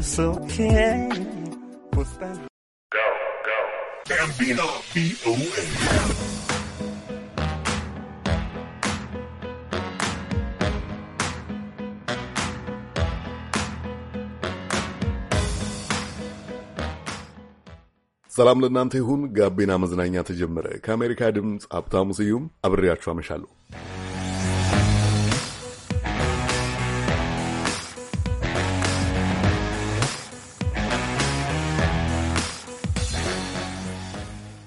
it's okay. What's that? Go, go. Bambino, B-O-A. ሰላም ለእናንተ ይሁን። ጋቢና መዝናኛ ተጀመረ። ከአሜሪካ ድምፅ ሀብታሙ ስዩም አብሬያችሁ አመሻለሁ።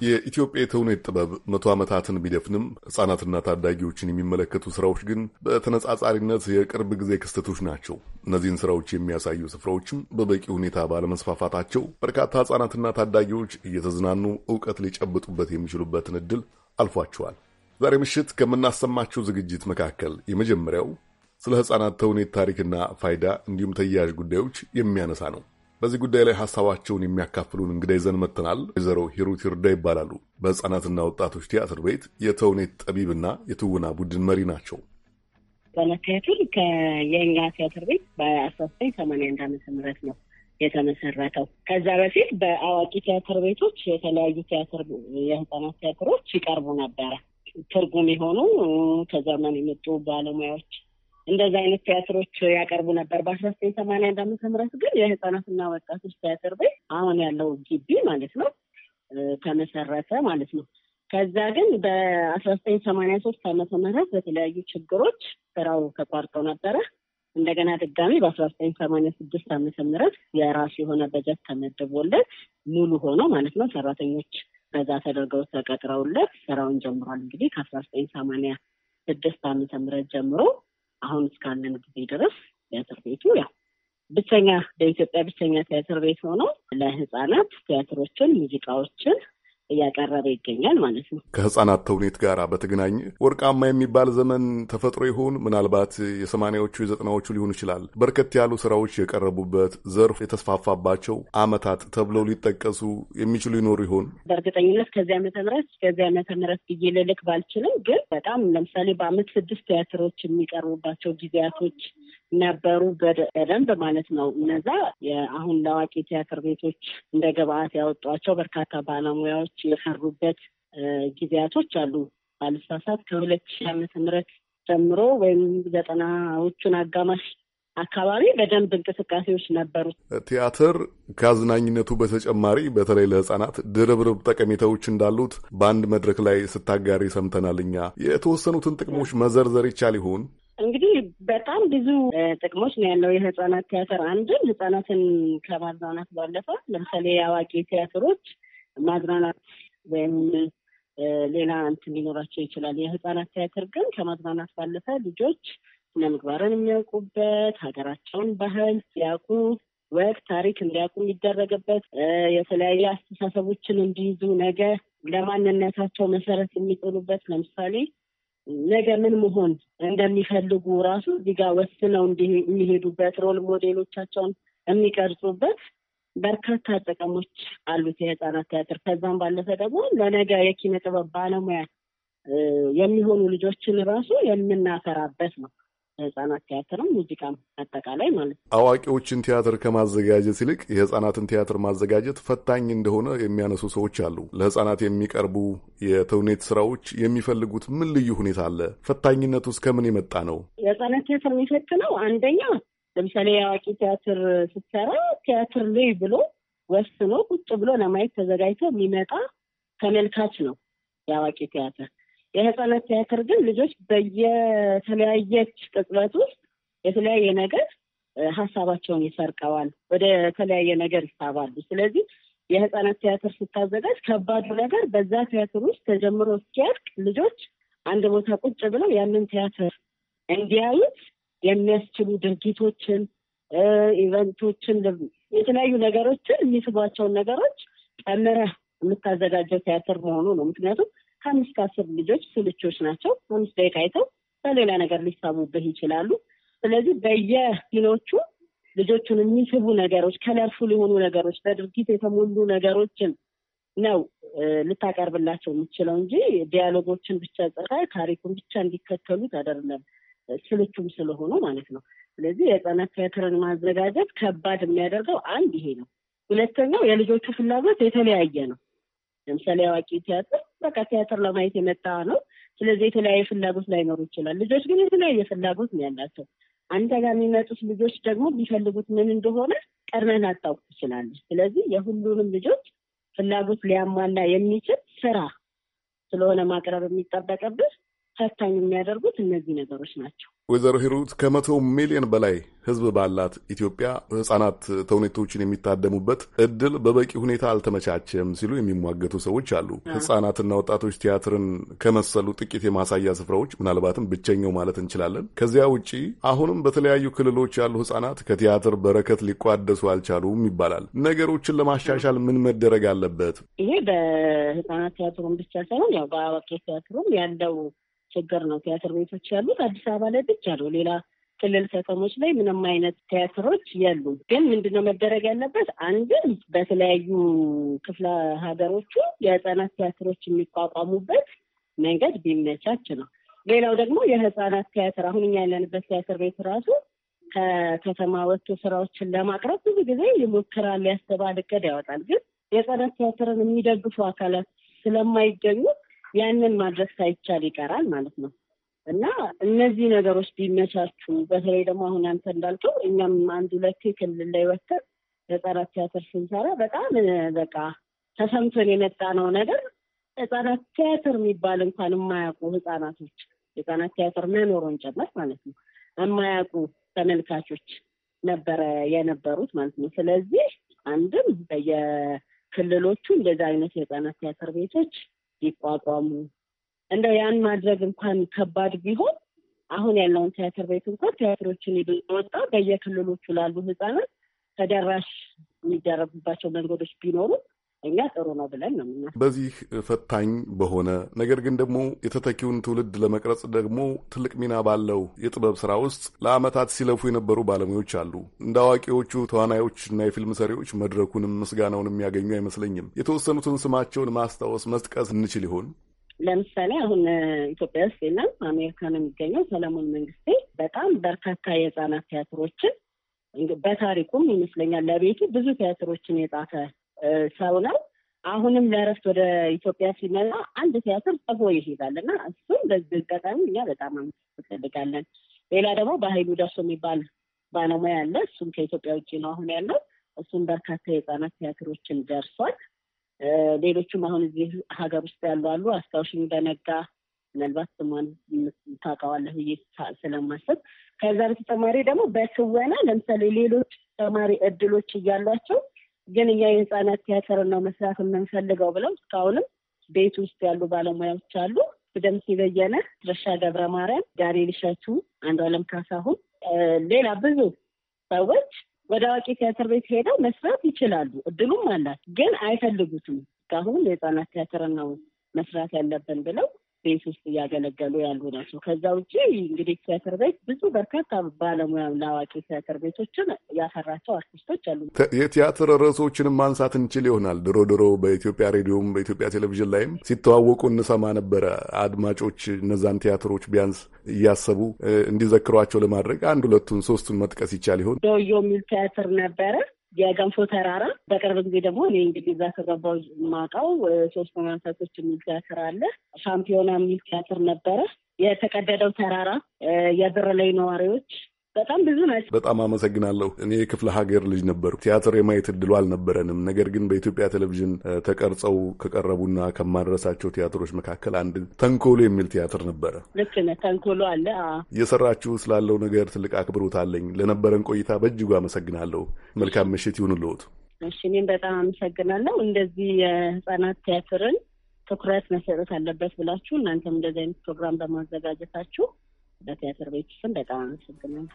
የኢትዮጵያ የተውኔት ጥበብ መቶ ዓመታትን ቢደፍንም ሕጻናትና ታዳጊዎችን የሚመለከቱ ስራዎች ግን በተነጻጻሪነት የቅርብ ጊዜ ክስተቶች ናቸው። እነዚህን ስራዎች የሚያሳዩ ስፍራዎችም በበቂ ሁኔታ ባለመስፋፋታቸው በርካታ ሕጻናትና ታዳጊዎች እየተዝናኑ እውቀት ሊጨብጡበት የሚችሉበትን ዕድል አልፏቸዋል። ዛሬ ምሽት ከምናሰማቸው ዝግጅት መካከል የመጀመሪያው ስለ ሕጻናት ተውኔት ታሪክና ፋይዳ እንዲሁም ተያያዥ ጉዳዮች የሚያነሳ ነው። በዚህ ጉዳይ ላይ ሀሳባቸውን የሚያካፍሉን እንግዳ ይዘን መጥተናል። ወይዘሮ ሂሩት ይርዳ ይባላሉ። በህጻናትና ወጣቶች ቲያትር ቤት የተውኔት ጠቢብና የትውና ቡድን መሪ ናቸው። በመካየቱን ከየኛ ቲያትር ቤት በአስራ ዘጠኝ ሰማንያ አንድ ዓመተ ምህረት ነው የተመሰረተው። ከዛ በፊት በአዋቂ ቲያትር ቤቶች የተለያዩ ቲያትር የህፃናት ቲያትሮች ይቀርቡ ነበረ። ትርጉም የሆኑ ከዘመን የመጡ ባለሙያዎች እንደዚህ አይነት ቲያትሮች ያቀርቡ ነበር። በአስራ ዘጠኝ ሰማንያ አንድ ዓመተ ምህረት ግን የህፃናትና ወጣቶች ቲያትር ቤት አሁን ያለው ግቢ ማለት ነው ተመሰረተ ማለት ነው። ከዛ ግን በአስራ ዘጠኝ ሰማንያ ሶስት ዓመተ ምህረት በተለያዩ ችግሮች ስራው ተቋርጦ ነበረ። እንደገና ድጋሚ በአስራ ዘጠኝ ሰማንያ ስድስት ዓመተ ምህረት የራሱ የሆነ በጀት ተመድቦለት ሙሉ ሆኖ ማለት ነው ሰራተኞች በዛ ተደርገው ተቀጥረውለት ስራውን ጀምሯል። እንግዲህ ከአስራ ዘጠኝ ሰማንያ ስድስት ዓመተ ምህረት ጀምሮ አሁን እስካለን ጊዜ ድረስ ቲያትር ቤቱ ያው ብቸኛ በኢትዮጵያ ብቸኛ ቲያትር ቤት ሆኖ ለህፃናት ቲያትሮችን፣ ሙዚቃዎችን እያቀረበ ይገኛል ማለት ነው። ከህጻናት ተውኔት ጋር በተገናኘ ወርቃማ የሚባል ዘመን ተፈጥሮ ይሆን? ምናልባት የሰማኒያዎቹ የዘጠናዎቹ ሊሆን ይችላል። በርከት ያሉ ስራዎች የቀረቡበት ዘርፍ የተስፋፋባቸው አመታት ተብለው ሊጠቀሱ የሚችሉ ይኖሩ ይሆን? በእርግጠኝነት ከዚህ ዓመተ ምህረት ከዚህ ዓመተ ምህረት ብዬ ልልክ ባልችልም፣ ግን በጣም ለምሳሌ በአመት ስድስት ቲያትሮች የሚቀርቡባቸው ጊዜያቶች ነበሩ በደንብ ማለት ነው። እነዛ የአሁን ለአዋቂ ቲያትር ቤቶች እንደ ግብአት ያወጧቸው በርካታ ባለሙያዎች የሰሩበት ጊዜያቶች አሉ። ባልሳሳት ከሁለት ሺህ ዓመተ ምህረት ጀምሮ ወይም ዘጠናዎቹን አጋማሽ አካባቢ በደንብ እንቅስቃሴዎች ነበሩ። ቲያትር ከአዝናኝነቱ በተጨማሪ በተለይ ለህጻናት ድርብርብ ጠቀሜታዎች እንዳሉት በአንድ መድረክ ላይ ስታጋሪ ሰምተናል። እኛ የተወሰኑትን ጥቅሞች መዘርዘር ይቻል ይሆን? እንግዲህ በጣም ብዙ ጥቅሞች ነው ያለው የህጻናት ቲያትር። አንድን ህጻናትን ከማዝናናት ባለፈ ለምሳሌ የአዋቂ ቲያትሮች ማዝናናት ወይም ሌላ እንትን ሊኖራቸው ይችላል። የህጻናት ቲያትር ግን ከማዝናናት ባለፈ ልጆች ስነ ምግባርን የሚያውቁበት ሀገራቸውን ባህል ሲያውቁ ወቅት ታሪክ እንዲያውቁ የሚደረግበት የተለያዩ አስተሳሰቦችን እንዲይዙ ነገ ለማንነታቸው መሰረት የሚጥሉበት ለምሳሌ ነገ ምን መሆን እንደሚፈልጉ ራሱ እዚህ ጋር ወስነው የሚሄዱበት ሮል ሞዴሎቻቸውን የሚቀርጹበት በርካታ ጥቅሞች አሉት የህፃናት ቲያትር። ከዛም ባለፈ ደግሞ ለነገ የኪነ ጥበብ ባለሙያ የሚሆኑ ልጆችን ራሱ የምናፈራበት ነው። ህጻናት ቲያትርም ሙዚቃም አጠቃላይ ማለት ነው። አዋቂዎችን ቲያትር ከማዘጋጀት ይልቅ የህጻናትን ቲያትር ማዘጋጀት ፈታኝ እንደሆነ የሚያነሱ ሰዎች አሉ። ለህጻናት የሚቀርቡ የተውኔት ስራዎች የሚፈልጉት ምን ልዩ ሁኔታ አለ? ፈታኝነቱ ውስጥ ከምን የመጣ ነው? የህጻናት ቲያትር የሚፈትነው አንደኛ፣ ለምሳሌ የአዋቂ ቲያትር ስትሰራ ቲያትር ልይ ብሎ ወስኖ ቁጭ ብሎ ለማየት ተዘጋጅቶ የሚመጣ ተመልካች ነው የአዋቂ ቲያትር የህፃናት ቲያትር ግን ልጆች በየተለያየች ቅጽበት ውስጥ የተለያየ ነገር ሀሳባቸውን ይሰርቀዋል፣ ወደ ተለያየ ነገር ይሳባሉ። ስለዚህ የህፃናት ቲያትር ስታዘጋጅ ከባዱ ነገር በዛ ቲያትር ውስጥ ተጀምሮ እስኪያልቅ ልጆች አንድ ቦታ ቁጭ ብለው ያንን ቲያትር እንዲያዩት የሚያስችሉ ድርጊቶችን፣ ኢቨንቶችን፣ የተለያዩ ነገሮችን የሚስቧቸውን ነገሮች ጨምረህ የምታዘጋጀው ቲያትር መሆኑ ነው። ምክንያቱም ከአምስት አስር ልጆች ስልቾች ናቸው። አምስት ደቂቃ አይተው በሌላ ነገር ሊሳቡብህ ይችላሉ። ስለዚህ በየፊኖቹ ልጆቹን የሚስቡ ነገሮች፣ ከለርፉል የሆኑ ነገሮች፣ በድርጊት የተሞሉ ነገሮችን ነው ልታቀርብላቸው የምችለው እንጂ ዲያሎጎችን ብቻ ጸራ ታሪኩን ብቻ እንዲከተሉ ታደርለም ስልቹም ስለሆኑ ማለት ነው። ስለዚህ የህጻናት ቲያትርን ማዘጋጀት ከባድ የሚያደርገው አንድ ይሄ ነው። ሁለተኛው የልጆቹ ፍላጎት የተለያየ ነው። ለምሳሌ አዋቂ ቲያትር በቃ ቲያትር ለማየት የመጣ ነው። ስለዚህ የተለያየ ፍላጎት ላይኖሩ ይችላል። ልጆች ግን የተለያየ ፍላጎት ነው ያላቸው። አንተ ጋር የሚመጡት ልጆች ደግሞ ቢፈልጉት ምን እንደሆነ ቀድመን ላታውቅ ትችላለች። ስለዚህ የሁሉንም ልጆች ፍላጎት ሊያሟላ የሚችል ስራ ስለሆነ ማቅረብ የሚጠበቅብህ ፈታኝ የሚያደርጉት እነዚህ ነገሮች ናቸው። ወይዘሮ ሂሩት ከመቶ ሚሊዮን በላይ ህዝብ ባላት ኢትዮጵያ ህጻናት ተውኔቶችን የሚታደሙበት እድል በበቂ ሁኔታ አልተመቻቸም ሲሉ የሚሟገቱ ሰዎች አሉ። ህጻናትና ወጣቶች ቲያትርን ከመሰሉ ጥቂት የማሳያ ስፍራዎች ምናልባትም ብቸኛው ማለት እንችላለን። ከዚያ ውጪ አሁንም በተለያዩ ክልሎች ያሉ ህጻናት ከቲያትር በረከት ሊቋደሱ አልቻሉም ይባላል። ነገሮችን ለማሻሻል ምን መደረግ አለበት? ይሄ በህጻናት ቲያትሩን ብቻ ሳይሆን ያው በአዋቂ ቲያትሩም ያለው ችግር ነው ቲያትር ቤቶች ያሉት። አዲስ አበባ ላይ ብቻ ነው። ሌላ ክልል ከተሞች ላይ ምንም አይነት ቲያትሮች የሉ ግን ምንድነው መደረግ ያለበት? አንድም በተለያዩ ክፍለ ሀገሮቹ የህፃናት ቲያትሮች የሚቋቋሙበት መንገድ ቢመቻች ነው። ሌላው ደግሞ የህፃናት ቲያትር አሁን እኛ ያለንበት ቲያትር ቤት ራሱ ከከተማ ወጥቶ ስራዎችን ለማቅረብ ብዙ ጊዜ ይሞክራል፣ ያስባል፣ እቅድ ያወጣል። ግን የህፃናት ቲያትርን የሚደግፉ አካላት ስለማይገኙ ያንን ማድረግ ሳይቻል ይቀራል ማለት ነው። እና እነዚህ ነገሮች ቢመቻቹ፣ በተለይ ደግሞ አሁን አንተ እንዳልከው እኛም አንድ ሁለቴ ክልል ላይ ወተር ህጻናት ቲያትር ስንሰራ በጣም በቃ ተሰምቶን የመጣ ነው ነገር ህጻናት ቲያትር የሚባል እንኳን የማያውቁ ህጻናቶች ህጻናት ቲያትር መኖሩን ጨመር ማለት ነው የማያውቁ ተመልካቾች ነበረ የነበሩት ማለት ነው። ስለዚህ አንድም በየክልሎቹ እንደዚ አይነት የህጻናት ቲያትር ቤቶች ይቋቋሙ። እንደው ያን ማድረግ እንኳን ከባድ ቢሆን አሁን ያለውን ቲያትር ቤት እንኳን ቲያትሮችን ወጣ በየክልሎቹ ላሉ ህጻናት ተደራሽ የሚደረጉባቸው መንገዶች ቢኖሩ እኛ ጥሩ ነው ብለን ነው ምና በዚህ ፈታኝ በሆነ ነገር ግን ደግሞ የተተኪውን ትውልድ ለመቅረጽ ደግሞ ትልቅ ሚና ባለው የጥበብ ስራ ውስጥ ለአመታት ሲለፉ የነበሩ ባለሙያዎች አሉ። እንደ አዋቂዎቹ ተዋናዮችና የፊልም ሰሪዎች መድረኩንም ምስጋናውን የሚያገኙ አይመስለኝም። የተወሰኑትን ስማቸውን ማስታወስ መጥቀስ እንችል ይሆን? ለምሳሌ አሁን ኢትዮጵያ ውስጥ የለም፣ አሜሪካ ነው የሚገኘው። ሰለሞን መንግስቴ በጣም በርካታ የህፃናት ቲያትሮችን በታሪኩም ይመስለኛል ለቤቱ ብዙ ቲያትሮችን የጻፈ ሰው ነው። አሁንም ለእረፍት ወደ ኢትዮጵያ ሲመጣ አንድ ቲያትር ጽፎ ይሄዳል እና እሱም በዚህ አጋጣሚ እኛ በጣም እንፈልጋለን። ሌላ ደግሞ በሀይሉ ደርሶ የሚባል ባለሙያ አለ። እሱም ከኢትዮጵያ ውጭ ነው አሁን ያለው። እሱም በርካታ የህፃናት ቲያትሮችን ደርሷል። ሌሎቹም አሁን እዚህ ሀገር ውስጥ ያሉ አሉ። አስታውሽኝ በነጋ ምናልባት ስሟን ታውቃዋለህ ብዬ ስለማሰብ። ከዛ በተጨማሪ ደግሞ በትወና ለምሳሌ ሌሎች ተማሪ እድሎች እያሏቸው ግን እኛ የህፃናት ቲያትር ነው መስራት የምንፈልገው ብለው እስካሁንም ቤት ውስጥ ያሉ ባለሙያዎች አሉ። በደምስ በየነ፣ ረሻ ገብረ ማርያም፣ ዳንኤል እሸቱ፣ አንዱ አለም ካሳሁን፣ ሌላ ብዙ ሰዎች ወደ አዋቂ ቲያትር ቤት ሄደው መስራት ይችላሉ። እድሉም አላት፣ ግን አይፈልጉትም። እስካሁን የህፃናት ቲያትር ነው መስራት ያለብን ብለው ቤት ውስጥ እያገለገሉ ያሉ ናቸው። ከዛ ውጭ እንግዲህ ቲያትር ቤት ብዙ በርካታ ባለሙያ ለአዋቂ ቲያትር ቤቶችን ያፈራቸው አርቲስቶች አሉ። የቲያትር ርዕሶችንም ማንሳት እንችል ይሆናል። ድሮ ድሮ በኢትዮጵያ ሬዲዮም በኢትዮጵያ ቴሌቪዥን ላይም ሲተዋወቁ እንሰማ ነበረ። አድማጮች እነዛን ቲያትሮች ቢያንስ እያሰቡ እንዲዘክሯቸው ለማድረግ አንድ ሁለቱን ሶስቱን መጥቀስ ይቻል ይሆን? ዶዮ የሚል ቲያትር ነበረ። የገንፎ ተራራ በቅርብ ጊዜ ደግሞ እኔ እንግዲህ እዛ ከገባሁ የማውቀው ሶስት መናሳቶች የሚል ቲያትር አለ። ሻምፒዮና የሚል ቲያትር ነበረ። የተቀደደው ተራራ፣ የብር ላይ ነዋሪዎች፣ በጣም ብዙ ናቸው። በጣም አመሰግናለሁ። እኔ የክፍለ ሀገር ልጅ ነበርኩ። ቲያትር የማየት እድሉ አልነበረንም። ነገር ግን በኢትዮጵያ ቴሌቪዥን ተቀርጸው ከቀረቡና ከማድረሳቸው ቲያትሮች መካከል አንድ ተንኮሎ የሚል ቲያትር ነበረ። ልክ ነህ። ተንኮሎ አለ። እየሰራችሁ ስላለው ነገር ትልቅ አክብሮት አለኝ። ለነበረን ቆይታ በእጅጉ አመሰግናለሁ። መልካም ምሽት ይሁንልዎት። እሺ፣ እኔም በጣም አመሰግናለሁ። እንደዚህ የህጻናት ቲያትርን ትኩረት መሰጠት አለበት ብላችሁ እናንተም እንደዚህ አይነት ፕሮግራም በማዘጋጀታችሁ በቲያትር ቤት ውስም በጣም አመሰግናለሁ።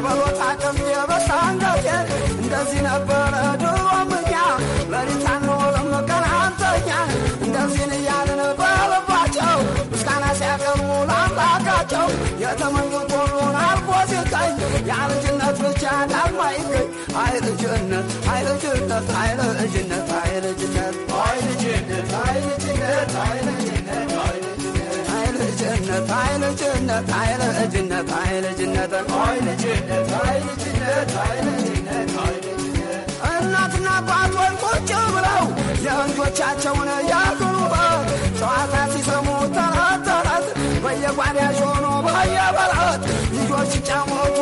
የበሮታ ቅምት የበሳ አንገቴ እንደዚህ ነበረ ድሮም እኛ ለሊት አንውልም ቀን አንተኛ እንደዚህን እያልን በልባቸው ምስጋና ሲያቀርቡ ለአምላካቸው የተመኙት ሁሉን አልፎ ሲገኝ ያ ብቻ ዳግማ ይገኝ አይ ልጅነት አይ ልጅነት እናትና አባት ቁጭ ብለው የእንጆቻቸውን ያግሩበት ጨዋታ ሲሰሙ ተረት ተረት በየጓዳሽ ሆኖ በየበረት ልጆች ሲጫወቱ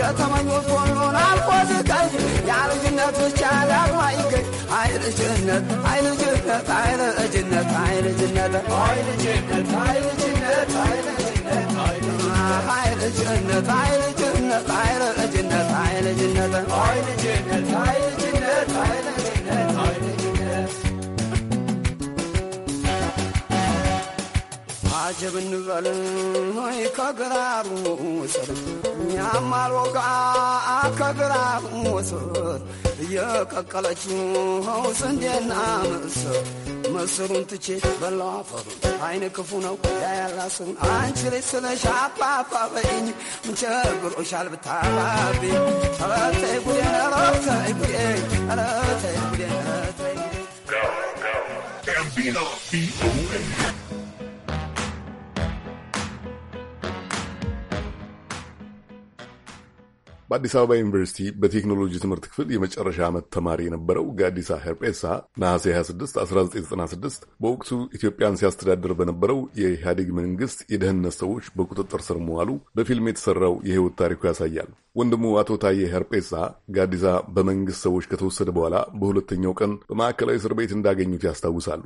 የተመኞት ሆኖን አልቆዝቀኝ ያልጅነት ብቻ ዳግማ ይገኝ አይልጅነት አይ አይልጅነት አይልጅነት አይልጅነት አይልጅነት አይልጅነት አይልጅነት አይልጅነት አይልጅነት አይልጅነት አጀብ እንበል ሆይ ከግራሩ ስር እኛማል ወጋ ከግራሩ ስር እየቀቀለችው ኸው ስንዴና ምስር ምስሩን ትቼ በላው አፈሩ አይን ክፉ ነው ያያላስሩን አንቺ ልጅ ስለሽ አባባ በይኝ ምን ቸግሮሻል ብታባቢኝ ኧረ ተይ ጉዴን ኧረ ተይ ጉዴን ኧረ ተይ ጉዴን ኧረ ተይ ጉዴን በአዲስ አበባ ዩኒቨርሲቲ በቴክኖሎጂ ትምህርት ክፍል የመጨረሻ ዓመት ተማሪ የነበረው ጋዲሳ ሄርጴሳ ነሐሴ 26 1996 በወቅቱ ኢትዮጵያን ሲያስተዳድር በነበረው የኢህአዴግ መንግስት የደህንነት ሰዎች በቁጥጥር ስር መዋሉ በፊልም የተሰራው የህይወት ታሪኩ ያሳያል። ወንድሙ አቶ ታዬ ሄርጴሳ ጋዲሳ በመንግስት ሰዎች ከተወሰደ በኋላ በሁለተኛው ቀን በማዕከላዊ እስር ቤት እንዳገኙት ያስታውሳሉ።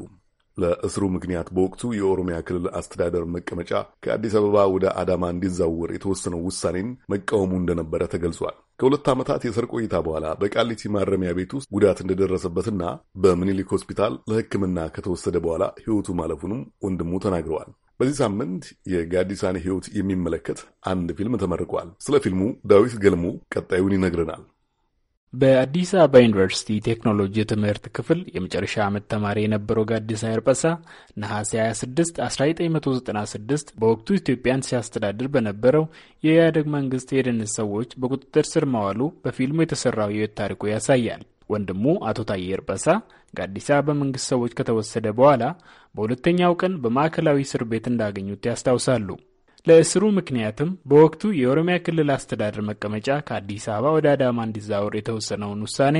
ለእስሩ ምክንያት በወቅቱ የኦሮሚያ ክልል አስተዳደር መቀመጫ ከአዲስ አበባ ወደ አዳማ እንዲዛወር የተወሰነው ውሳኔን መቃወሙ እንደነበረ ተገልጿል። ከሁለት ዓመታት የእስር ቆይታ በኋላ በቃሊቲ ማረሚያ ቤት ውስጥ ጉዳት እንደደረሰበትና በምኒልክ ሆስፒታል ለሕክምና ከተወሰደ በኋላ ሕይወቱ ማለፉንም ወንድሙ ተናግረዋል። በዚህ ሳምንት የጋዲሳኔ ሕይወት የሚመለከት አንድ ፊልም ተመርቋል። ስለ ፊልሙ ዳዊት ገልሞ ቀጣዩን ይነግረናል። በአዲስ አበባ ዩኒቨርሲቲ ቴክኖሎጂ ትምህርት ክፍል የመጨረሻ ዓመት ተማሪ የነበረው ጋዲሳ ኤርበሳ ነሐሴ 26 1996 በወቅቱ ኢትዮጵያን ሲያስተዳድር በነበረው የኢህአዴግ መንግስት የደህንነት ሰዎች በቁጥጥር ስር መዋሉ በፊልሙ የተሰራው የሕይወት ታሪኩ ያሳያል። ወንድሙ አቶ ታዬ ኤርበሳ ጋዲሳ በመንግስት ሰዎች ከተወሰደ በኋላ በሁለተኛው ቀን በማዕከላዊ እስር ቤት እንዳገኙት ያስታውሳሉ። ለእስሩ ምክንያትም በወቅቱ የኦሮሚያ ክልል አስተዳደር መቀመጫ ከአዲስ አበባ ወደ አዳማ እንዲዛወር የተወሰነውን ውሳኔ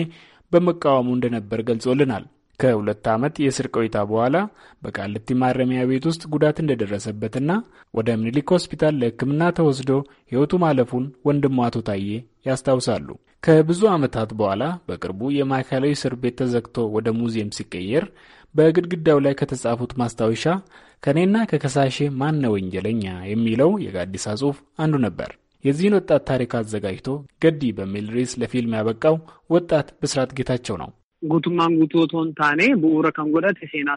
በመቃወሙ እንደነበር ገልጾልናል። ከሁለት ዓመት የእስር ቆይታ በኋላ በቃሊቲ ማረሚያ ቤት ውስጥ ጉዳት እንደደረሰበትና ወደ ምኒልክ ሆስፒታል ለሕክምና ተወስዶ ሕይወቱ ማለፉን ወንድሙ አቶ ታዬ ያስታውሳሉ። ከብዙ ዓመታት በኋላ በቅርቡ የማዕከላዊ እስር ቤት ተዘግቶ ወደ ሙዚየም ሲቀየር በግድግዳው ላይ ከተጻፉት ማስታወሻ ከእኔና ከከሳሼ ማን ነው ወንጀለኛ የሚለው የጋዲሳ ጽሁፍ አንዱ ነበር። የዚህን ወጣት ታሪክ አዘጋጅቶ ገዲ በሚል ርዕስ ለፊልም ያበቃው ወጣት ብስራት ጌታቸው ነው። ጉቱማን ጉቶ ቶንታኔ ብኡረ ከንጎዳ ቴሴና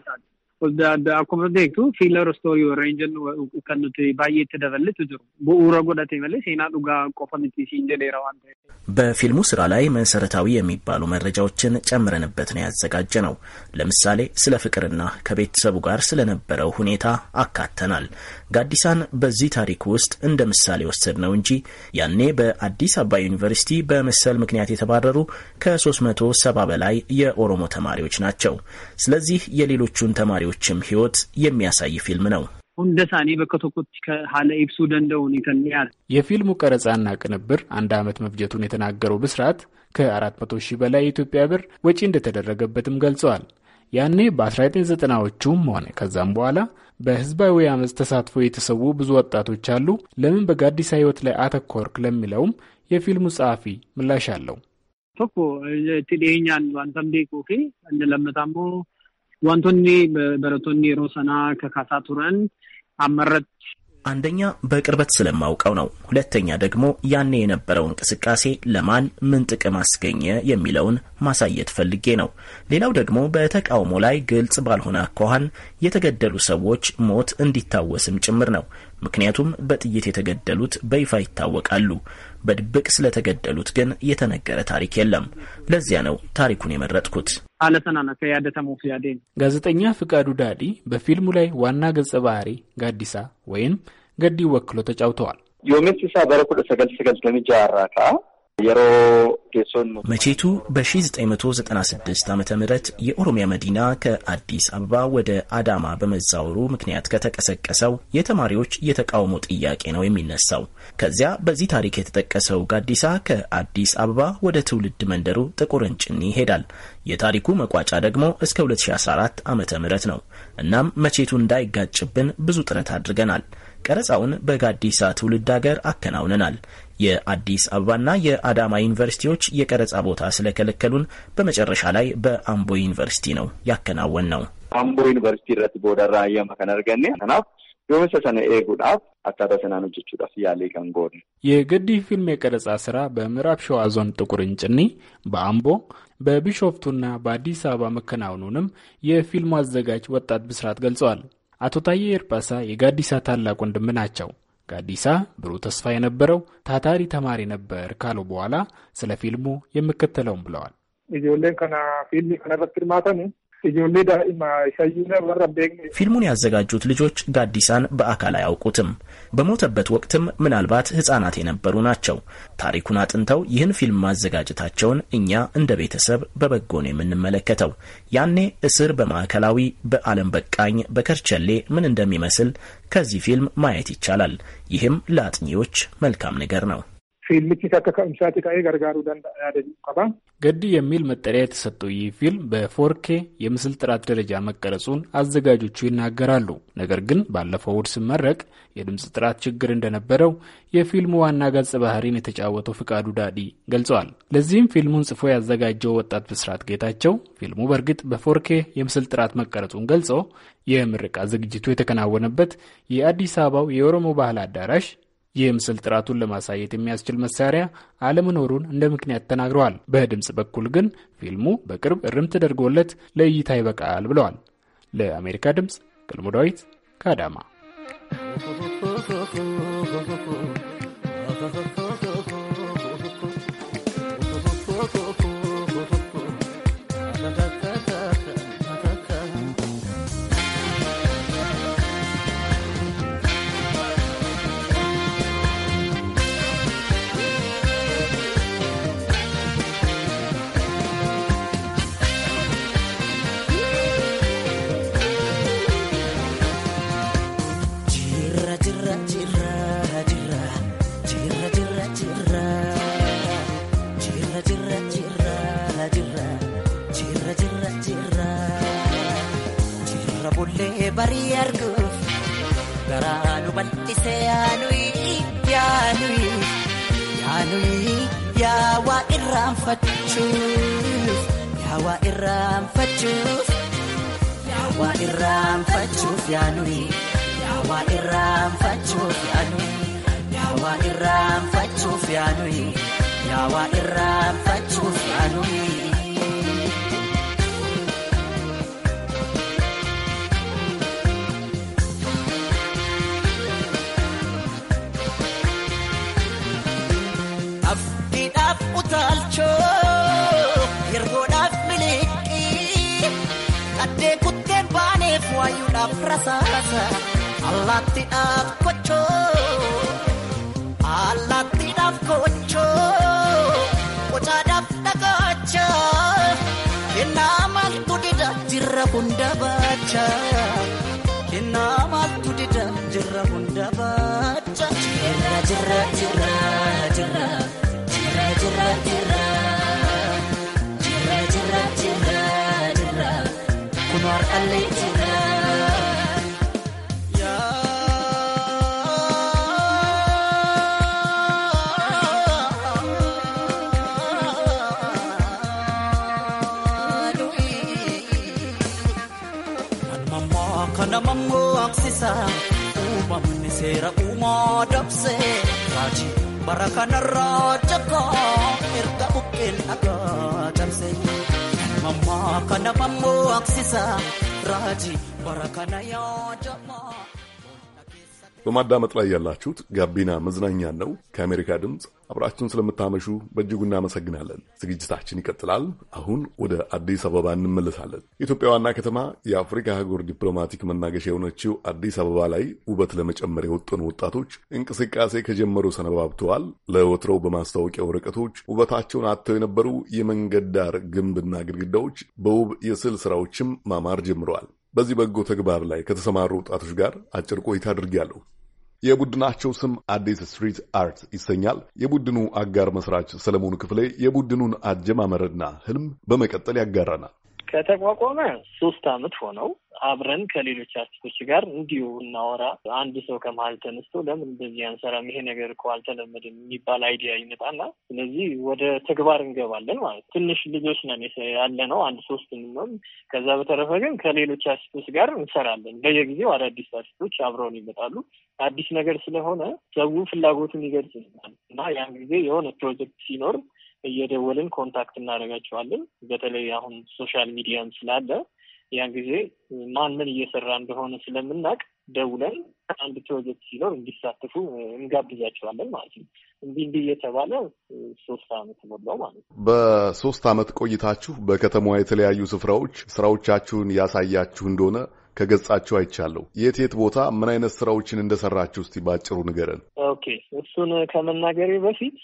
The, accommodate filler story arrange kan nuti baay'eetti dabaletu jiru bu'uura godhate malee seenaa dhugaa qofa miti siin jedheera waan ta'eef. በፊልሙ ስራ ላይ መሰረታዊ የሚባሉ መረጃዎችን ጨምረንበት ነው ያዘጋጀ ነው። ለምሳሌ ስለ ፍቅርና ከቤተሰቡ ጋር ስለነበረው ሁኔታ አካተናል። ጋዲሳን በዚህ ታሪክ ውስጥ እንደ ምሳሌ ወሰድ ነው እንጂ ያኔ በአዲስ አበባ ዩኒቨርሲቲ በመሰል ምክንያት የተባረሩ ከ370 በላይ የኦሮሞ ተማሪዎች ናቸው። ስለዚህ የሌሎቹን ተማሪዎች ተማሪዎችም ህይወት የሚያሳይ ፊልም ነው። ሁንደሳኔ ከሀለ ኢብሱ ደንደውን ይተንያል የፊልሙ ቀረጻና ቅንብር አንድ ዓመት መፍጀቱን የተናገረው ብስራት ከ400 ሺህ በላይ የኢትዮጵያ ብር ወጪ እንደተደረገበትም ገልጸዋል። ያኔ በ1990ዎቹም ሆነ ከዛም በኋላ በህዝባዊ አመፅ ተሳትፎ የተሰዉ ብዙ ወጣቶች አሉ። ለምን በጋዲሳ ህይወት ላይ አተኮርክ ለሚለውም የፊልሙ ጸሐፊ ምላሽ አለው። ቶኮ ቲዴኛን ዋንተምዴ ቆፌ እንለመታሞ ዋንቶኒ በረቶኒ ሮሰና ከካሳ ቱረን አመረት አንደኛ በቅርበት ስለማውቀው ነው። ሁለተኛ ደግሞ ያኔ የነበረው እንቅስቃሴ ለማን ምን ጥቅም አስገኘ የሚለውን ማሳየት ፈልጌ ነው። ሌላው ደግሞ በተቃውሞ ላይ ግልጽ ባልሆነ አኳኋን የተገደሉ ሰዎች ሞት እንዲታወስም ጭምር ነው። ምክንያቱም በጥይት የተገደሉት በይፋ ይታወቃሉ። በድብቅ ስለተገደሉት ግን የተነገረ ታሪክ የለም። ለዚያ ነው ታሪኩን የመረጥኩት። ጋዜጠኛ ፍቃዱ ዳዲ በፊልሙ ላይ ዋና ገጸ ባህሪ ጋዲሳ ወይም ገዲ ወክሎ ተጫውተዋል። የሚስሳ በረኩ ሰገል ሰገል ደሚጃ አራካ መቼቱ በ1996 ዓ ም የኦሮሚያ መዲና ከአዲስ አበባ ወደ አዳማ በመዛወሩ ምክንያት ከተቀሰቀሰው የተማሪዎች የተቃውሞ ጥያቄ ነው የሚነሳው። ከዚያ በዚህ ታሪክ የተጠቀሰው ጋዲሳ ከአዲስ አበባ ወደ ትውልድ መንደሩ ጥቁር እንጭኒ ይሄዳል። የታሪኩ መቋጫ ደግሞ እስከ 2014 ዓ ም ነው። እናም መቼቱ እንዳይጋጭብን ብዙ ጥረት አድርገናል። ቀረጻውን በጋዲሳ ትውልድ አገር አከናውነናል። የአዲስ አበባና የአዳማ ዩኒቨርሲቲዎች የቀረጻ ቦታ ስለከለከሉን በመጨረሻ ላይ በአምቦ ዩኒቨርሲቲ ነው ያከናወን ነው። አምቦ ዩኒቨርሲቲ ረት ቦደራ የመከን ናፍ የመሰሰነ ኤጉዳፍ አታዳሰናኑ ጀቹዳፍ ያሌ ከንጎን የግዲ ፊልም የቀረጻ ስራ በምዕራብ ሸዋ ዞን ጥቁር እንጭኒ፣ በአምቦ በቢሾፍቱና በአዲስ አበባ መከናወኑንም የፊልሙ አዘጋጅ ወጣት ብስራት ገልጸዋል። አቶ ታዬ ኤርጳሳ የጋዲሳ ታላቅ ወንድም ናቸው። ጋዲሳ ብሩህ ተስፋ የነበረው ታታሪ ተማሪ ነበር ካሉ በኋላ ስለ ፊልሙ የሚከተለውም ብለዋል። ijoollee daa'ima ishayyuu warra ፊልሙን ያዘጋጁት ልጆች ጋዲሳን በአካል አያውቁትም። በሞተበት ወቅትም ምናልባት ሕጻናት የነበሩ ናቸው። ታሪኩን አጥንተው ይህን ፊልም ማዘጋጀታቸውን እኛ እንደ ቤተሰብ በበጎ ነው የምንመለከተው። ያኔ እስር በማዕከላዊ በአለም በቃኝ በከርቸሌ ምን እንደሚመስል ከዚህ ፊልም ማየት ይቻላል። ይህም ለአጥኚዎች መልካም ነገር ነው። ፊልሚችስ akka ka'umsaatti ta'ee gargaaruu danda'a yaadachuu qaba። ገዱ የሚል መጠሪያ የተሰጠው ይህ ፊልም በፎርኬ የምስል ጥራት ደረጃ መቀረጹን አዘጋጆቹ ይናገራሉ። ነገር ግን ባለፈው እሁድ ሲመረቅ የድምፅ ጥራት ችግር እንደነበረው የፊልሙ ዋና ገጽ ባህሪን የተጫወተው ፍቃዱ ዳዲ ገልጸዋል። ለዚህም ፊልሙን ጽፎ ያዘጋጀው ወጣት ብስራት ጌታቸው ፊልሙ በእርግጥ በፎርኬ የምስል ጥራት መቀረጹን ገልጸው የምርቃ ዝግጅቱ የተከናወነበት የአዲስ አበባው የኦሮሞ ባህል አዳራሽ ይህ ምስል ጥራቱን ለማሳየት የሚያስችል መሳሪያ አለመኖሩን እንደ ምክንያት ተናግረዋል። በድምፅ በኩል ግን ፊልሙ በቅርብ እርም ተደርጎለት ለእይታ ይበቃል ብለዋል። ለአሜሪካ ድምፅ ገልሞ ዳዊት ከአዳማ yawa yaawaa irraanfachuuf yaawaa irraanfachuuf dhaaf rasaasa allaatti dhaaf kochoo allaatti dhaaf kochoo bocaa dhaaf dhagaacha kennaa jirra hunda baacha seera uumaa dabsee raajii bara kanarraa jabaa erga bukkeen dhagaa dabsee mammaa kana mammoo aksisa raajii bara kana yaa jabaa. በማዳመጥ ላይ ያላችሁት ጋቢና መዝናኛ ነው ከአሜሪካ ድምፅ። አብራችሁን ስለምታመሹ በእጅጉ እናመሰግናለን። ዝግጅታችን ይቀጥላል። አሁን ወደ አዲስ አበባ እንመለሳለን። የኢትዮጵያ ዋና ከተማ የአፍሪካ አህጉር ዲፕሎማቲክ መናገሻ የሆነችው አዲስ አበባ ላይ ውበት ለመጨመር የወጠኑ ወጣቶች እንቅስቃሴ ከጀመሩ ሰነባብተዋል። ለወትሮው በማስታወቂያ ወረቀቶች ውበታቸውን አጥተው የነበሩ የመንገድ ዳር ግንብና ግድግዳዎች በውብ የስዕል ስራዎችም ማማር ጀምረዋል። በዚህ በጎ ተግባር ላይ ከተሰማሩ ወጣቶች ጋር አጭር ቆይታ አድርጌያለሁ። የቡድናቸው ስም አዲስ ስትሪት አርት ይሰኛል። የቡድኑ አጋር መስራች ሰለሞን ክፍሌ የቡድኑን አጀማመርና ህልም በመቀጠል ያጋራናል። ከተቋቋመ ሶስት አመት ሆነው አብረን ከሌሎች አርቲስቶች ጋር እንዲሁ እናወራ። አንድ ሰው ከመሀል ተነስቶ ለምን እንደዚህ አንሰራም ይሄ ነገር እኮ አልተለመደም የሚባል አይዲያ ይመጣና ስለዚህ ወደ ተግባር እንገባለን ማለት ነው። ትንሽ ልጆች ነን ያለ ነው አንድ ሶስት ምንም። ከዛ በተረፈ ግን ከሌሎች አርቲስቶች ጋር እንሰራለን። በየጊዜው አዳዲስ አርቲስቶች አብረውን ይመጣሉ። አዲስ ነገር ስለሆነ ሰው ፍላጎቱን ይገልጽልናል እና ያን ጊዜ የሆነ ፕሮጀክት ሲኖር እየደወልን ኮንታክት እናደርጋቸዋለን። በተለይ አሁን ሶሻል ሚዲያም ስላለ ያን ጊዜ ማን ምን እየሰራ እንደሆነ ስለምናውቅ ደውለን አንድ ፕሮጀክት ሲኖር እንዲሳተፉ እንጋብዛቸዋለን ማለት ነው። እንዲህ እንዲህ እየተባለ ሶስት አመት ሞላው ማለት ነው። በሶስት አመት ቆይታችሁ በከተማዋ የተለያዩ ስፍራዎች ስራዎቻችሁን ያሳያችሁ እንደሆነ ከገጻችሁ አይቻለሁ። የት የት ቦታ ምን አይነት ስራዎችን እንደሰራችሁ እስቲ ባጭሩ ንገረን። ኦኬ፣ እሱን ከመናገሬ በፊት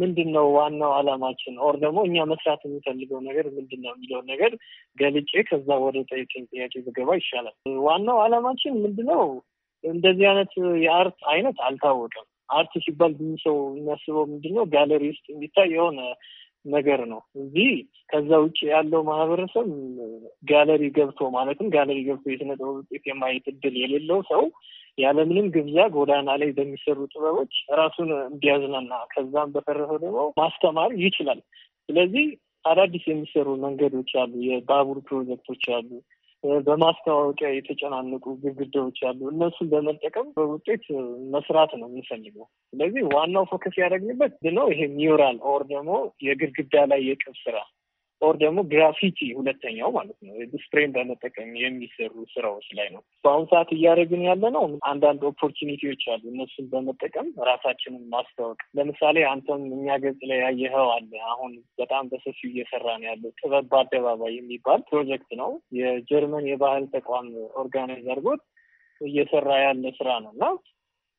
ምንድን ነው ዋናው አላማችን ኦር ደግሞ እኛ መስራት የሚፈልገው ነገር ምንድን ነው የሚለውን ነገር ገልጬ ከዛ ወደ ጠየቀኝ ጥያቄ ዝገባ ይሻላል። ዋናው አላማችን ምንድን ነው? እንደዚህ አይነት የአርት አይነት አልታወቀም። አርት ሲባል ብዙ ሰው የሚያስበው ምንድን ነው? ጋለሪ ውስጥ የሚታይ የሆነ ነገር ነው እንጂ ከዛ ውጭ ያለው ማህበረሰብ ጋለሪ ገብቶ ማለትም ጋለሪ ገብቶ የስነ ጥበብ ውጤት የማየት እድል የሌለው ሰው ያለምንም ግብዣ ጎዳና ላይ በሚሰሩ ጥበቦች ራሱን እንዲያዝናና ከዛም በተረፈ ደግሞ ማስተማር ይችላል። ስለዚህ አዳዲስ የሚሰሩ መንገዶች አሉ፣ የባቡር ፕሮጀክቶች አሉ፣ በማስተዋወቂያ የተጨናነቁ ግድግዳዎች አሉ። እነሱን በመጠቀም በውጤት መስራት ነው የምንፈልገው። ስለዚህ ዋናው ፎከስ ያደረግንበት ነው ይሄ ኒውራል ኦር ደግሞ የግድግዳ ላይ የቅብ ስራ ኦር ደግሞ ግራፊቲ ሁለተኛው ማለት ነው። ስፕሬን በመጠቀም የሚሰሩ ስራዎች ላይ ነው በአሁኑ ሰዓት እያደረግን ያለ ነው። አንዳንድ ኦፖርቹኒቲዎች አሉ። እነሱን በመጠቀም ራሳችንን ማስታወቅ። ለምሳሌ አንተም እኛ ገጽ ላይ ያየኸው አለ። አሁን በጣም በሰፊው እየሰራ ነው ያለው ጥበብ በአደባባይ የሚባል ፕሮጀክት ነው። የጀርመን የባህል ተቋም ኦርጋናይዝ አድርጎት እየሰራ ያለ ስራ ነው እና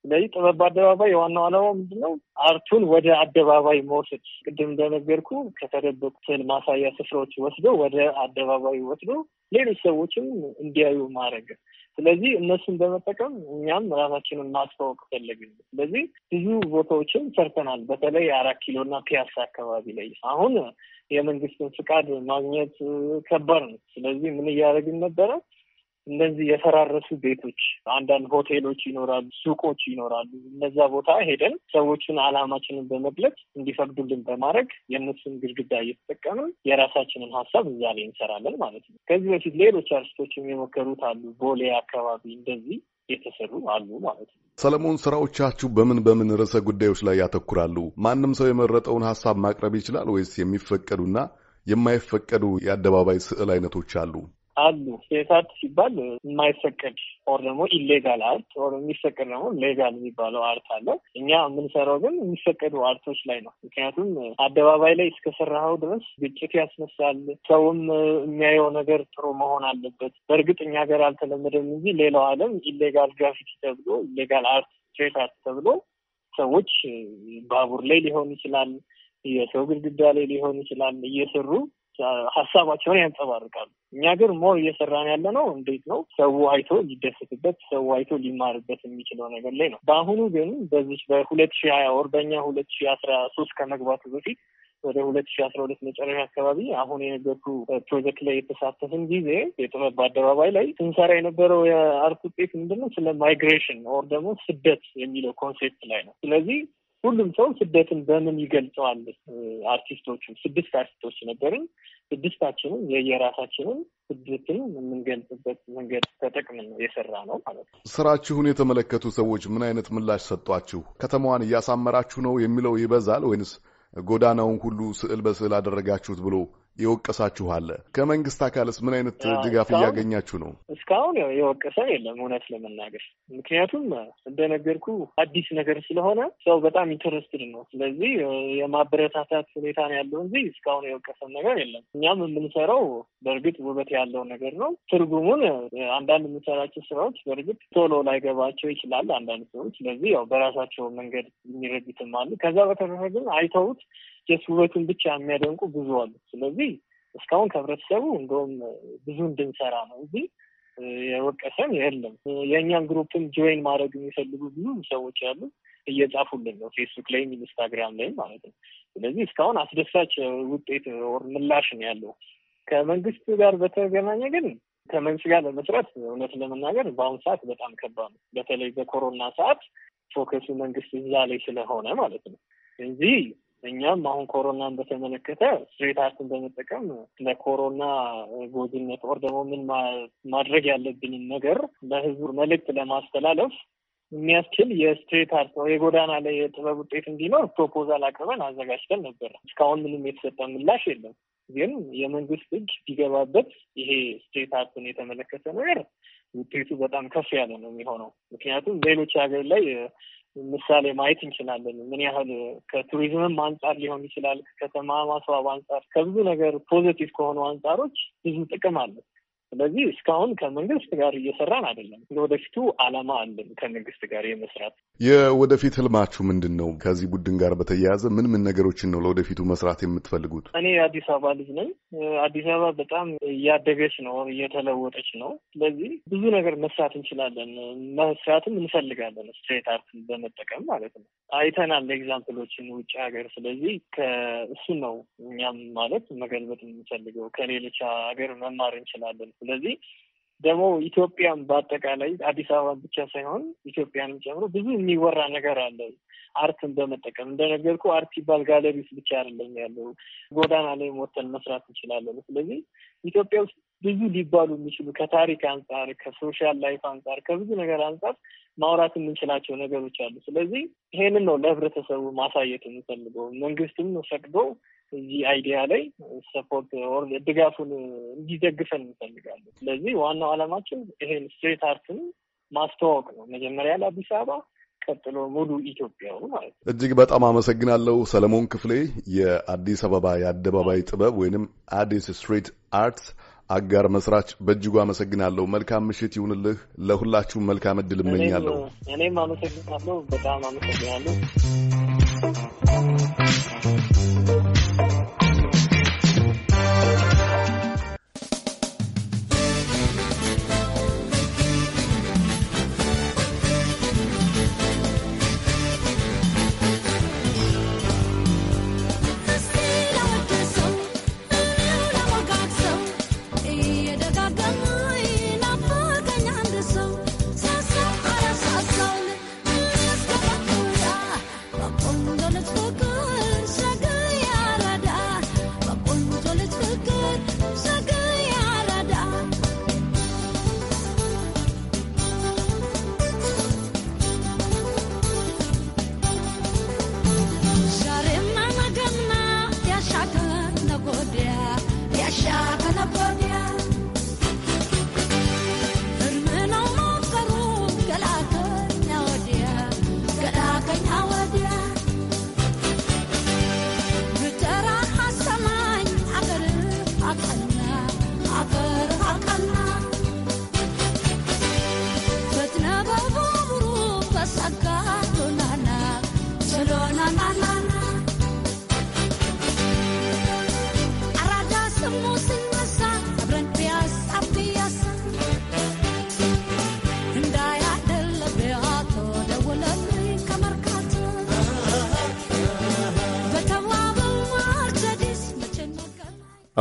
ስለዚህ ጥበብ አደባባይ የዋናው ዓላማው ምንድነው? አርቱን ወደ አደባባይ መውሰድ። ቅድም እንደነገርኩ ከተደበቁትን ማሳያ ስፍራዎች ወስዶ ወደ አደባባይ ወስዶ ሌሎች ሰዎችም እንዲያዩ ማድረግ። ስለዚህ እነሱን በመጠቀም እኛም ራሳችንን ማስታወቅ ፈለግን። ስለዚህ ብዙ ቦታዎችን ሰርተናል። በተለይ አራት ኪሎ እና ፒያሳ አካባቢ ላይ አሁን የመንግስትን ፍቃድ ማግኘት ከባድ ነው። ስለዚህ ምን እያደረግን ነበረ? እነዚህ የፈራረሱ ቤቶች፣ አንዳንድ ሆቴሎች ይኖራሉ፣ ሱቆች ይኖራሉ። እነዛ ቦታ ሄደን ሰዎችን አላማችንን በመግለጽ እንዲፈቅዱልን በማድረግ የእነሱን ግድግዳ እየተጠቀምን የራሳችንን ሀሳብ እዛ ላይ እንሰራለን ማለት ነው። ከዚህ በፊት ሌሎች አርቲስቶችም የሞከሩት አሉ። ቦሌ አካባቢ እንደዚህ የተሰሩ አሉ ማለት ነው። ሰለሞን፣ ስራዎቻችሁ በምን በምን ርዕሰ ጉዳዮች ላይ ያተኩራሉ? ማንም ሰው የመረጠውን ሀሳብ ማቅረብ ይችላል ወይስ የሚፈቀዱና የማይፈቀዱ የአደባባይ ስዕል አይነቶች አሉ? አሉ ሴት ሲባል የማይፈቀድ ኦር ደግሞ ኢሌጋል አርት ኦር የሚፈቀድ ደግሞ ሌጋል የሚባለው አርት አለ። እኛ የምንሰራው ግን የሚፈቀዱ አርቶች ላይ ነው። ምክንያቱም አደባባይ ላይ እስከሰራኸው ድረስ ግጭት ያስነሳል። ሰውም የሚያየው ነገር ጥሩ መሆን አለበት። በእርግጥ እኛ ሀገር አልተለመደም እንጂ ሌላው ዓለም ኢሌጋል ግራፊቲ ተብሎ ኢሌጋል አርት ስትሬት አርት ተብሎ ሰዎች ባቡር ላይ ሊሆን ይችላል፣ የሰው ግድግዳ ላይ ሊሆን ይችላል እየሰሩ ሀሳባቸውን ያንጸባርቃሉ። እኛ ግን ሞር እየሰራን ያለ ነው እንዴት ነው ሰው አይቶ ሊደሰትበት ሰው አይቶ ሊማርበት የሚችለው ነገር ላይ ነው። በአሁኑ ግን በዚች በሁለት ሺ ሀያ ወር በእኛ ሁለት ሺ አስራ ሶስት ከመግባቱ በፊት ወደ ሁለት ሺ አስራ ሁለት መጨረሻ አካባቢ አሁን የነገርኩ ፕሮጀክት ላይ የተሳተፍን ጊዜ የጥበብ በአደባባይ ላይ ስንሰራ የነበረው የአርት ውጤት ምንድነው ስለ ማይግሬሽን ኦር ደግሞ ስደት የሚለው ኮንሴፕት ላይ ነው። ስለዚህ ሁሉም ሰው ስደትን በምን ይገልጸዋል? አርቲስቶች ስድስት አርቲስቶች ነበርን። ስድስታችንም የየራሳችንን ስደትን የምንገልጽበት መንገድ ተጠቅምን ነው የሰራ ነው ማለት ነው። ስራችሁን የተመለከቱ ሰዎች ምን አይነት ምላሽ ሰጧችሁ? ከተማዋን እያሳመራችሁ ነው የሚለው ይበዛል ወይንስ ጎዳናውን ሁሉ ስዕል በስዕል አደረጋችሁት ብሎ የወቀሳችሁ አለ? ከመንግስት አካልስ ምን አይነት ድጋፍ እያገኛችሁ ነው? እስካሁን ያው የወቀሰን የለም እውነት ለመናገር ምክንያቱም እንደነገርኩ አዲስ ነገር ስለሆነ ሰው በጣም ኢንተረስትድ ነው። ስለዚህ የማበረታታት ሁኔታ ነው ያለው እንጂ እስካሁን የወቀሰን ነገር የለም። እኛም የምንሰራው በእርግጥ ውበት ያለው ነገር ነው። ትርጉሙን አንዳንድ የምንሰራቸው ስራዎች በእርግጥ ቶሎ ላይገባቸው ይችላል አንዳንድ ሰዎች። ስለዚህ ያው በራሳቸው መንገድ የሚረዱትም አሉ። ከዛ በተረፈ ግን አይተውት ጀስት ውበቱን ብቻ የሚያደንቁ ብዙ አሉ። ስለዚህ እስካሁን ከህብረተሰቡ እንደውም ብዙ እንድንሰራ ነው እንጂ የወቀሰን የለም። የእኛን ግሩፕም ጆይን ማድረግ የሚፈልጉ ብዙ ሰዎች ያሉ እየጻፉልን ነው፣ ፌስቡክ ላይም ኢንስታግራም ላይም ማለት ነው። ስለዚህ እስካሁን አስደሳች ውጤት ወር ምላሽ ነው ያለው። ከመንግስት ጋር በተገናኘ ግን ከመንግስት ጋር ለመስራት እውነት ለመናገር በአሁኑ ሰዓት በጣም ከባድ ነው። በተለይ በኮሮና ሰዓት ፎከሱ መንግስት እዛ ላይ ስለሆነ ማለት ነው እንጂ እኛም አሁን ኮሮናን በተመለከተ ስትሪት አርትን በመጠቀም ለኮሮና ጎድነት ኦር ደግሞ ምን ማድረግ ያለብንን ነገር ለህዝቡ መልእክት ለማስተላለፍ የሚያስችል የስትሬት አርት ነው የጎዳና ላይ የጥበብ ውጤት እንዲኖር ፕሮፖዛል አቅርበን አዘጋጅተን ነበር። እስካሁን ምንም የተሰጠ ምላሽ የለም። ግን የመንግስት እጅ ቢገባበት ይሄ ስትሬት አርትን የተመለከተ ነገር ውጤቱ በጣም ከፍ ያለ ነው የሚሆነው። ምክንያቱም ሌሎች ሀገር ላይ ምሳሌ ማየት እንችላለን። ምን ያህል ከቱሪዝምም አንጻር ሊሆን ይችላል፣ ከተማ ማስዋብ አንጻር፣ ከብዙ ነገር ፖዘቲቭ ከሆኑ አንጻሮች ብዙ ጥቅም አለ። ስለዚህ እስካሁን ከመንግስት ጋር እየሰራን አይደለም። ለወደፊቱ አላማ አለን ከመንግስት ጋር የመስራት። የወደፊት ህልማችሁ ምንድን ነው? ከዚህ ቡድን ጋር በተያያዘ ምን ምን ነገሮችን ነው ለወደፊቱ መስራት የምትፈልጉት? እኔ የአዲስ አበባ ልጅ ነኝ። አዲስ አበባ በጣም እያደገች ነው፣ እየተለወጠች ነው። ስለዚህ ብዙ ነገር መስራት እንችላለን፣ መስራትም እንፈልጋለን። ስትሬት አርት በመጠቀም ማለት ነው። አይተናል ኤግዛምፕሎችን ውጭ ሀገር። ስለዚህ ከእሱ ነው እኛም ማለት መገልበጥ የምንፈልገው ከሌሎች ሀገር መማር እንችላለን። ስለዚህ ደግሞ ኢትዮጵያን በአጠቃላይ አዲስ አበባን ብቻ ሳይሆን ኢትዮጵያን ጨምሮ ብዙ የሚወራ ነገር አለ። አርትን በመጠቀም እንደነገርኩ አርት ይባል ጋለሪስ ብቻ አይደለም ያለው፣ ጎዳና ላይ ሞተን መስራት እንችላለን። ስለዚህ ኢትዮጵያ ውስጥ ብዙ ሊባሉ የሚችሉ ከታሪክ አንጻር፣ ከሶሻል ላይፍ አንጻር፣ ከብዙ ነገር አንጻር ማውራት የምንችላቸው ነገሮች አሉ። ስለዚህ ይሄንን ነው ለህብረተሰቡ ማሳየት የምንፈልገው። መንግስትም ፈቅዶ እዚህ አይዲያ ላይ ሰፖርት ወር ድጋፉን እንዲደግፈን እንፈልጋለን። ስለዚህ ዋናው ዓላማችን ይሄን ስትሬት አርትን ማስተዋወቅ ነው። መጀመሪያ ለአዲስ አበባ ቀጥሎ ሙሉ ኢትዮጵያው ማለት ነው። እጅግ በጣም አመሰግናለሁ። ሰለሞን ክፍሌ የአዲስ አበባ የአደባባይ ጥበብ ወይንም አዲስ ስትሪት አርት አጋር መስራች በእጅጉ አመሰግናለሁ። መልካም ምሽት ይሁንልህ። ለሁላችሁም መልካም እድል እመኛለሁ። እኔም አመሰግናለሁ። በጣም አመሰግናለሁ።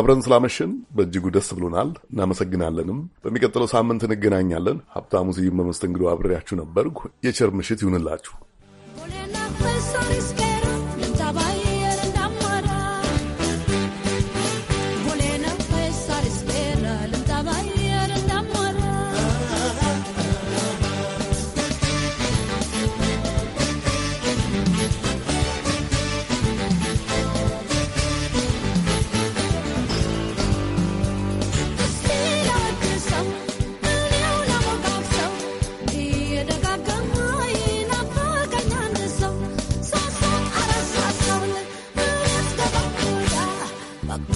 አብረን ስላመሽን በእጅጉ ደስ ብሎናል። እናመሰግናለንም። በሚቀጥለው ሳምንት እንገናኛለን። ሀብታሙ ስዩም በመስተንግዶ አብሬያችሁ ነበርኩ። የቸር ምሽት ይሁንላችሁ።